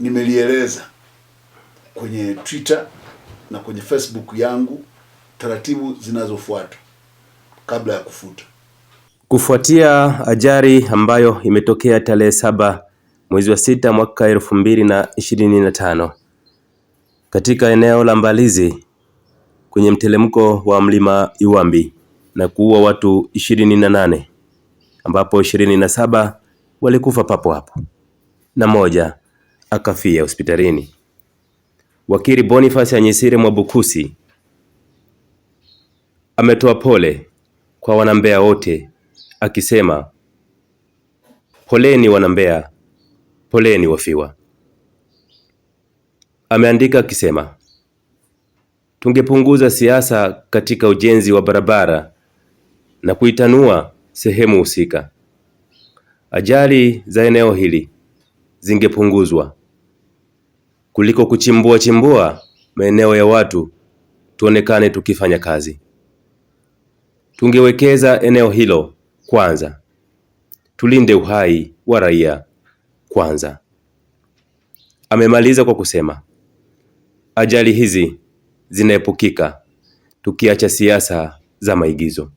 nimelieleza kwenye Twitter na kwenye Facebook yangu taratibu zinazofuata kabla ya kufuta. Kufuatia ajali ambayo imetokea tarehe saba mwezi wa sita mwaka elfu mbili na ishirini na tano katika eneo la Mbalizi kwenye mteremko wa mlima Iwambi na kuua watu ishirini na nane ambapo ishirini na saba walikufa papo hapo na moja akafia hospitalini. Wakili Boniface Anyisire Mwabukusi ametoa pole kwa wanambea wote akisema poleni wanambea, poleni wafiwa. Ameandika akisema tungepunguza siasa katika ujenzi wa barabara na kuitanua sehemu husika, ajali za eneo hili zingepunguzwa kuliko kuchimbua chimbua maeneo ya watu tuonekane tukifanya kazi. Tungewekeza eneo hilo kwanza, tulinde uhai wa raia kwanza. Amemaliza kwa kusema ajali hizi zinaepukika tukiacha siasa za maigizo.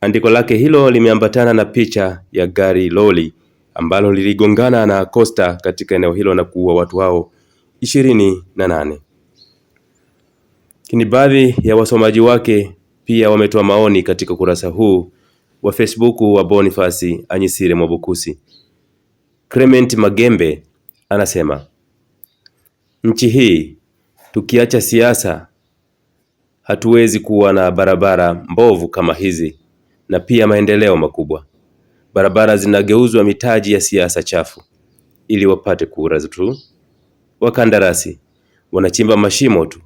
Andiko lake hilo limeambatana na picha ya gari loli ambalo liligongana na Costa katika eneo hilo na kuua watu hao ishirini na nane. Lakini baadhi ya wasomaji wake pia wametoa maoni katika ukurasa huu wa Facebook wa Bonifasi Anyisire Mwabukusi. Clement Magembe anasema nchi hii tukiacha siasa hatuwezi kuwa na barabara mbovu kama hizi na pia maendeleo makubwa. Barabara zinageuzwa mitaji ya siasa chafu ili wapate kura tu. Wakandarasi wanachimba mashimo tu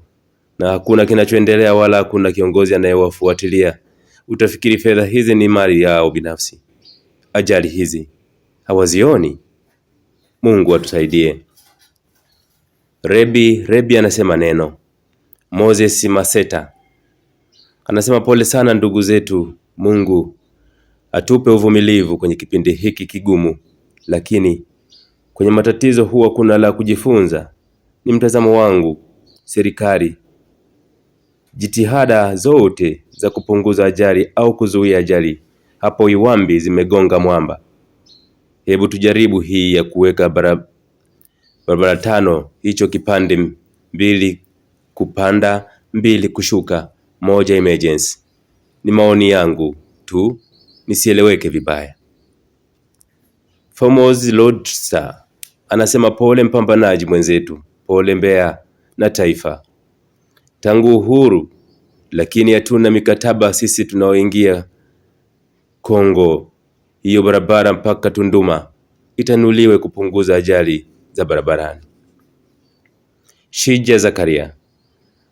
na hakuna kinachoendelea wala hakuna kiongozi anayewafuatilia. Utafikiri fedha hizi ni mali yao binafsi. Ajali hizi hawazioni. Mungu atusaidie. Rebi Rebi anasema neno. Moses Maseta anasema pole sana ndugu zetu, Mungu atupe uvumilivu kwenye kipindi hiki kigumu, lakini kwenye matatizo huwa kuna la kujifunza. Ni mtazamo wangu. Serikali, jitihada zote za kupunguza ajali au kuzuia ajali hapo Iwambi zimegonga mwamba. Hebu tujaribu hii ya kuweka barabara tano, hicho kipande mbili kupanda mbili kushuka moja emergency. Ni maoni yangu tu nisieleweke vibaya. Famous Roadstar anasema pole mpambanaji mwenzetu, pole Mbeya na taifa tangu uhuru, lakini hatuna mikataba sisi tunaoingia Kongo. Hiyo barabara mpaka Tunduma itanuliwe kupunguza ajali za barabarani. Shija Zakaria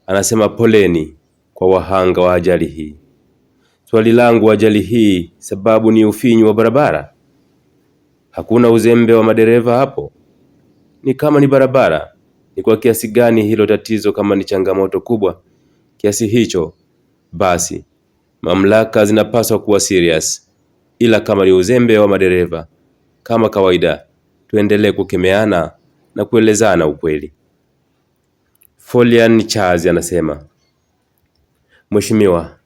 anasema poleni kwa wahanga wa ajali hii. Swali langu ajali hii sababu ni ufinyu wa barabara? Hakuna uzembe wa madereva hapo? Ni kama ni barabara, ni kwa kiasi gani hilo tatizo? Kama ni changamoto kubwa kiasi hicho, basi mamlaka zinapaswa kuwa serious, ila kama ni uzembe wa madereva, kama kawaida, tuendelee kukemeana na kuelezana ukweli. Folian Charles anasema, Mheshimiwa,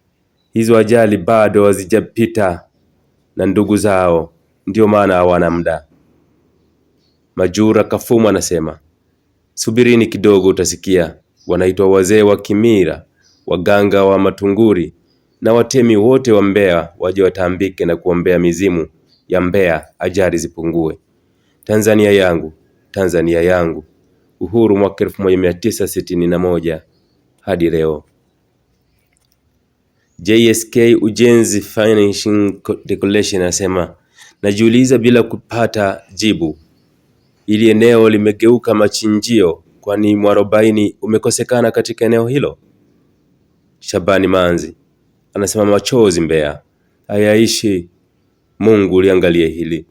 hizo ajali bado hazijapita na ndugu zao, ndio maana hawana muda. Majura Kafumu anasema subirini kidogo, utasikia wanaitwa wazee wa Kimira, waganga wa matunguri na watemi wote wa Mbeya waje watambike na kuombea mizimu ya Mbeya, ajali zipungue. Tanzania yangu, Tanzania yangu. Uhuru mwaka elfu moja mia tisa sitini na moja hadi leo. JSK Ujenzi Financing Declaration anasema najiuliza bila kupata jibu, ili eneo limegeuka machinjio, kwani mwarobaini umekosekana katika eneo hilo. Shabani Manzi anasema machozi Mbeya hayaishi, Mungu uliangalie hili.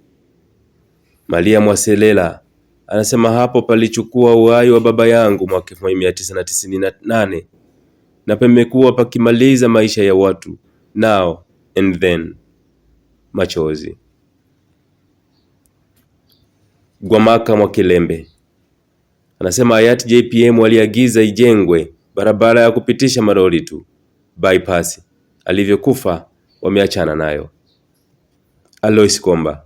Maria Mwaselela anasema hapo palichukua uhai wa baba yangu mwaka elfu moja mia tisa na tisini na nane na pamekuwa pakimaliza maisha ya watu now and then. Machozi. Gwamaka Mwakilembe anasema hayati JPM aliagiza ijengwe barabara ya kupitisha maroli tu bypass, alivyokufa wameachana nayo. Alois Komba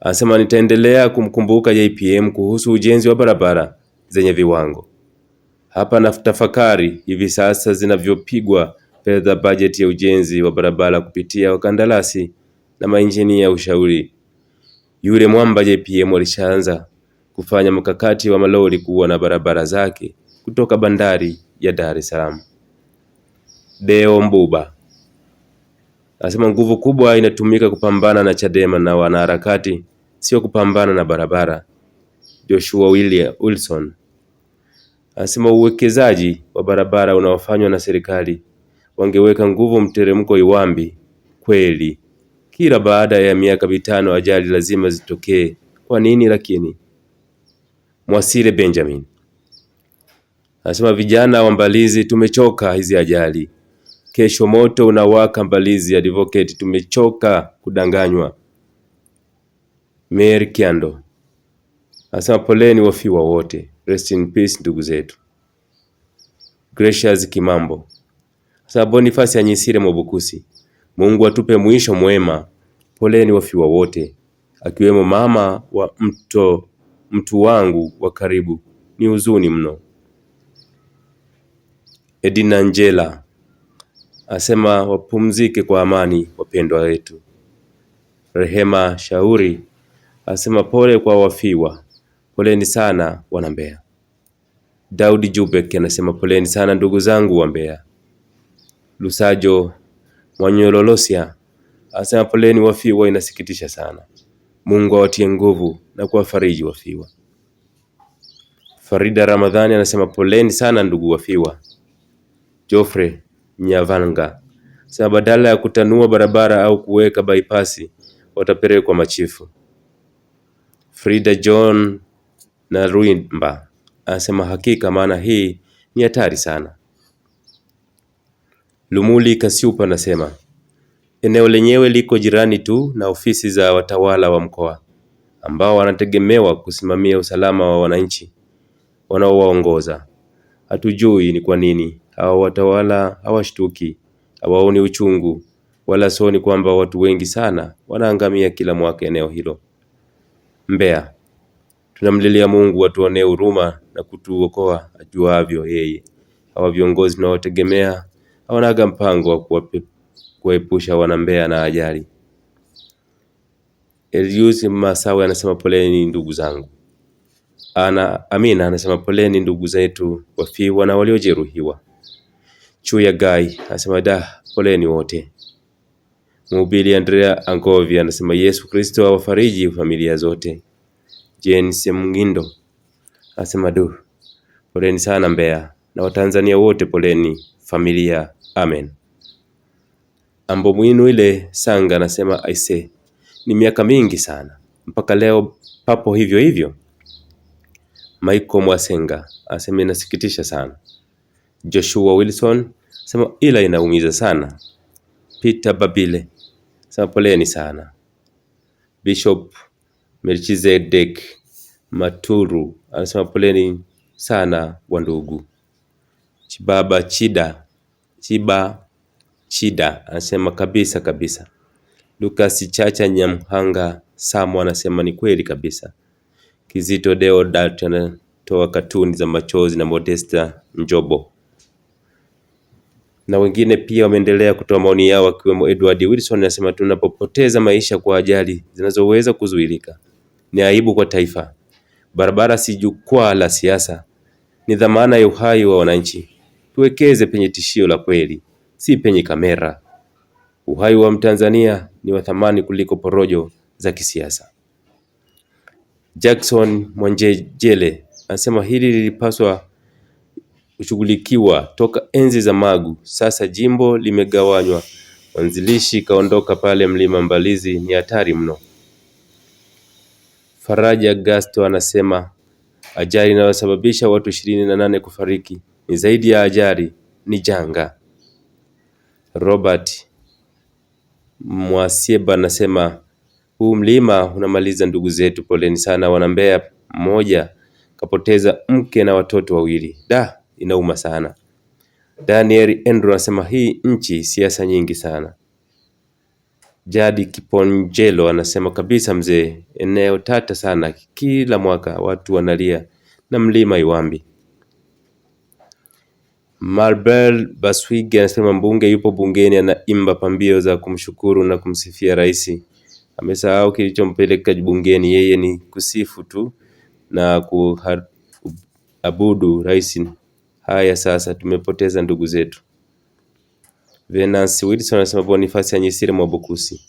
anasema nitaendelea kumkumbuka JPM kuhusu ujenzi wa barabara zenye viwango. Hapa natafakari hivi sasa zinavyopigwa fedha bajeti ya ujenzi wa barabara kupitia wakandarasi na mainjinia ushauri. Yule mwamba JPM alishaanza kufanya mkakati wa malori kuwa na barabara zake kutoka bandari ya Dar es Salaam. Deo Mbuba anasema nguvu kubwa inatumika kupambana na Chadema na wanaharakati, sio kupambana na barabara. Joshua William Wilson Anasema uwekezaji wa barabara unaofanywa na serikali wangeweka nguvu mteremko Iwambi. Kweli kila baada ya miaka mitano ajali lazima zitokee. Kwa nini lakini? Mwasile Benjamin anasema vijana wa Mbalizi tumechoka hizi ajali. Kesho moto unawaka Mbalizi, advocate, tumechoka kudanganywa. Mary Kiando anasema poleni wafiwa wote. Rest in peace ndugu zetu. Gracious Kimambo. Sasa Boniface Anyisire Mwabukusi, Mungu atupe mwisho mwema. Poleni wafiwa wote, akiwemo mama wa mto, mtu wangu wa karibu. Ni huzuni mno. Edina Angela asema wapumzike kwa amani wapendwa wetu. Rehema Shauri asema pole kwa wafiwa. Poleni sana wana Mbeya. Daudi Jubek anasema poleni sana ndugu zangu wa Mbeya. Lusajo Mwanyololosia anasema poleni wafiwa, inasikitisha sana. Mungu awatie nguvu na kuwafariji wafiwa. Farida Ramadhani anasema poleni sana ndugu wafiwa. Jofre Nyavanga sasa, badala ya kutanua barabara au kuweka bypass watapelekwa machifu. Frida John na Ruimba anasema hakika maana hii ni hatari sana. Lumuli Kasiupa anasema eneo lenyewe liko jirani tu na ofisi za watawala wa mkoa ambao wanategemewa kusimamia usalama wa wananchi wanaowaongoza. Hatujui ni kwa nini hao watawala hawashtuki, hawaoni uchungu wala soni kwamba watu wengi sana wanaangamia kila mwaka eneo hilo. Mbeya Tunamlilia Mungu atuonee huruma na kutuokoa ajuavyo yeye. Hawa viongozi tunawategemea hawanaga mpango wa kuwaepusha wanambea na ajali. Eliusi Masawe anasema poleni ndugu zangu. Ana Amina anasema poleni ndugu zetu wafiwa na waliojeruhiwa. Chuya Gai anasema da, poleni wote. Mhubiri Andrea Angovi anasema Yesu Kristo awafariji familia zote. Jane Semngindo asema du, poleni sana Mbeya na Watanzania wote, poleni familia, amen. Ambo mwinu ile Sanga anasema aise, ni miaka mingi sana mpaka leo papo hivyo hivyo. Maiko Mwasenga asema inasikitisha sana. Joshua Wilson asema ila inaumiza sana. Peter Babile asema poleni sana. Bishop Melchizedek Maturu anasema poleni sana wandugu. Chibaba Chida Chiba Chida anasema kabisa kabisa. Lucas Chacha Nyamhanga Samu anasema ni kweli kabisa. Kizito Deodat anatoa katuni za machozi na Modesta Njobo na wengine pia wameendelea kutoa maoni yao akiwemo Edward Wilson anasema tunapopoteza maisha kwa ajali zinazoweza kuzuilika ni aibu kwa taifa. Barabara si jukwaa la siasa, ni dhamana ya uhai wa wananchi. Tuwekeze penye tishio la kweli, si penye kamera. Uhai wa Mtanzania ni wa thamani kuliko porojo za kisiasa. Jackson Mwanjejele anasema hili lilipaswa kushughulikiwa toka enzi za Magu. Sasa jimbo limegawanywa, mwanzilishi kaondoka pale Mlima Mbalizi, ni hatari mno. Faraja Gasto anasema ajali inayosababisha watu ishirini na nane kufariki ni zaidi ya ajali, ni janga. Robert Mwasieba anasema huu mlima unamaliza ndugu zetu, poleni sana wanambea. Mmoja kapoteza mke na watoto wawili, da, inauma sana. Daniel Andrew anasema hii nchi siasa nyingi sana. Jadi Kiponjelo anasema kabisa, mzee, eneo tata sana, kila mwaka watu wanalia na mlima Iwambi. Marbel Baswige anasema mbunge yupo bungeni anaimba pambio za kumshukuru na kumsifia rais. Amesahau kilichompeleka bungeni, yeye ni kusifu tu na kuabudu rais. Haya sasa, tumepoteza ndugu zetu. Venance Wilson anasema Bonifasi Anyisire Mwabukusi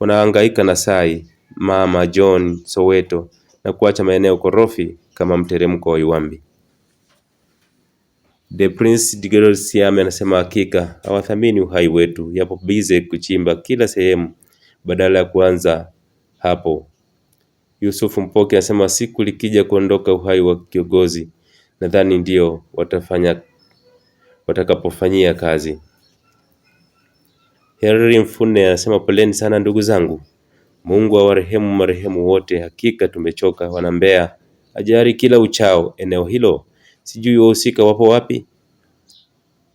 wanahangaika na sai mama John Soweto na kuacha maeneo korofi kama mteremko wa Iwambi. The Prince Digero Siame anasema hakika hawathamini uhai wetu, yapo bize kuchimba kila sehemu badala ya kuanza hapo. Yusufu Mpoke anasema siku likija kuondoka uhai wa kiongozi, nadhani ndio watafanya watakapofanyia kazi. Henry Mfune anasema poleni sana ndugu zangu, Mungu awarehemu marehemu wote, hakika tumechoka wanambea, ajali kila uchao eneo hilo, sijui wahusika wapo wapi.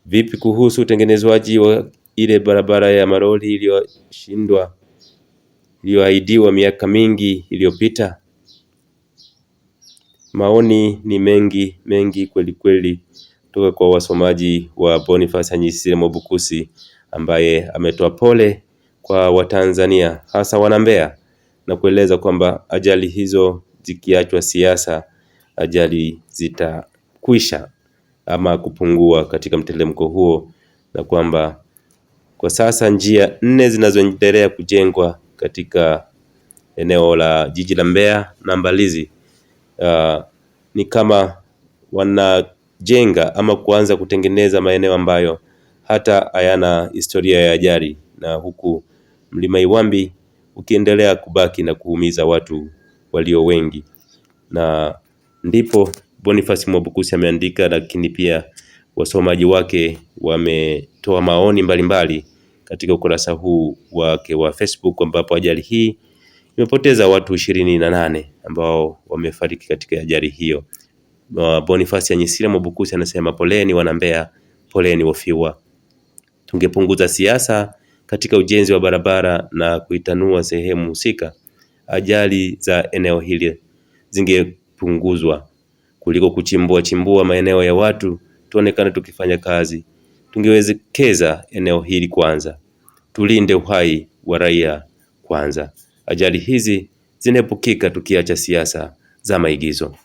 Vipi kuhusu utengenezwaji wa ile barabara ya maroli iliyoshindwa iliyoahidiwa miaka mingi iliyopita? Maoni ni mengi mengi kweli kweli, kutoka kwa wasomaji wa Boniface Anyisile Mwabukusi ambaye ametoa pole kwa Watanzania hasa wana Mbeya na kueleza kwamba ajali hizo zikiachwa siasa, ajali zitakwisha ama kupungua katika mtelemko huo, na kwamba kwa sasa njia nne zinazoendelea kujengwa katika eneo la jiji la Mbeya na Mbalizi uh, ni kama wanajenga ama kuanza kutengeneza maeneo ambayo hata hayana historia ya ajali, na huku mlima Iwambi ukiendelea kubaki na kuumiza watu walio wengi, na ndipo Boniface Mwabukusi ameandika, lakini pia wasomaji wake wametoa maoni mbalimbali mbali katika ukurasa huu wake wa Facebook ambapo ajali hii imepoteza watu ishirini na nane ambao wamefariki katika ajali hiyo. Boniface Anyisira Mwabukusi anasema poleni wana Mbeya, poleni wafiwa tungepunguza siasa katika ujenzi wa barabara na kuitanua sehemu husika, ajali za eneo hili zingepunguzwa kuliko kuchimbua chimbua maeneo ya watu tuonekane tukifanya kazi. Tungewezekeza eneo hili kwanza, tulinde uhai wa raia kwanza. Ajali hizi zinaepukika tukiacha siasa za maigizo.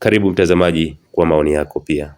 Karibu mtazamaji, kwa maoni yako pia.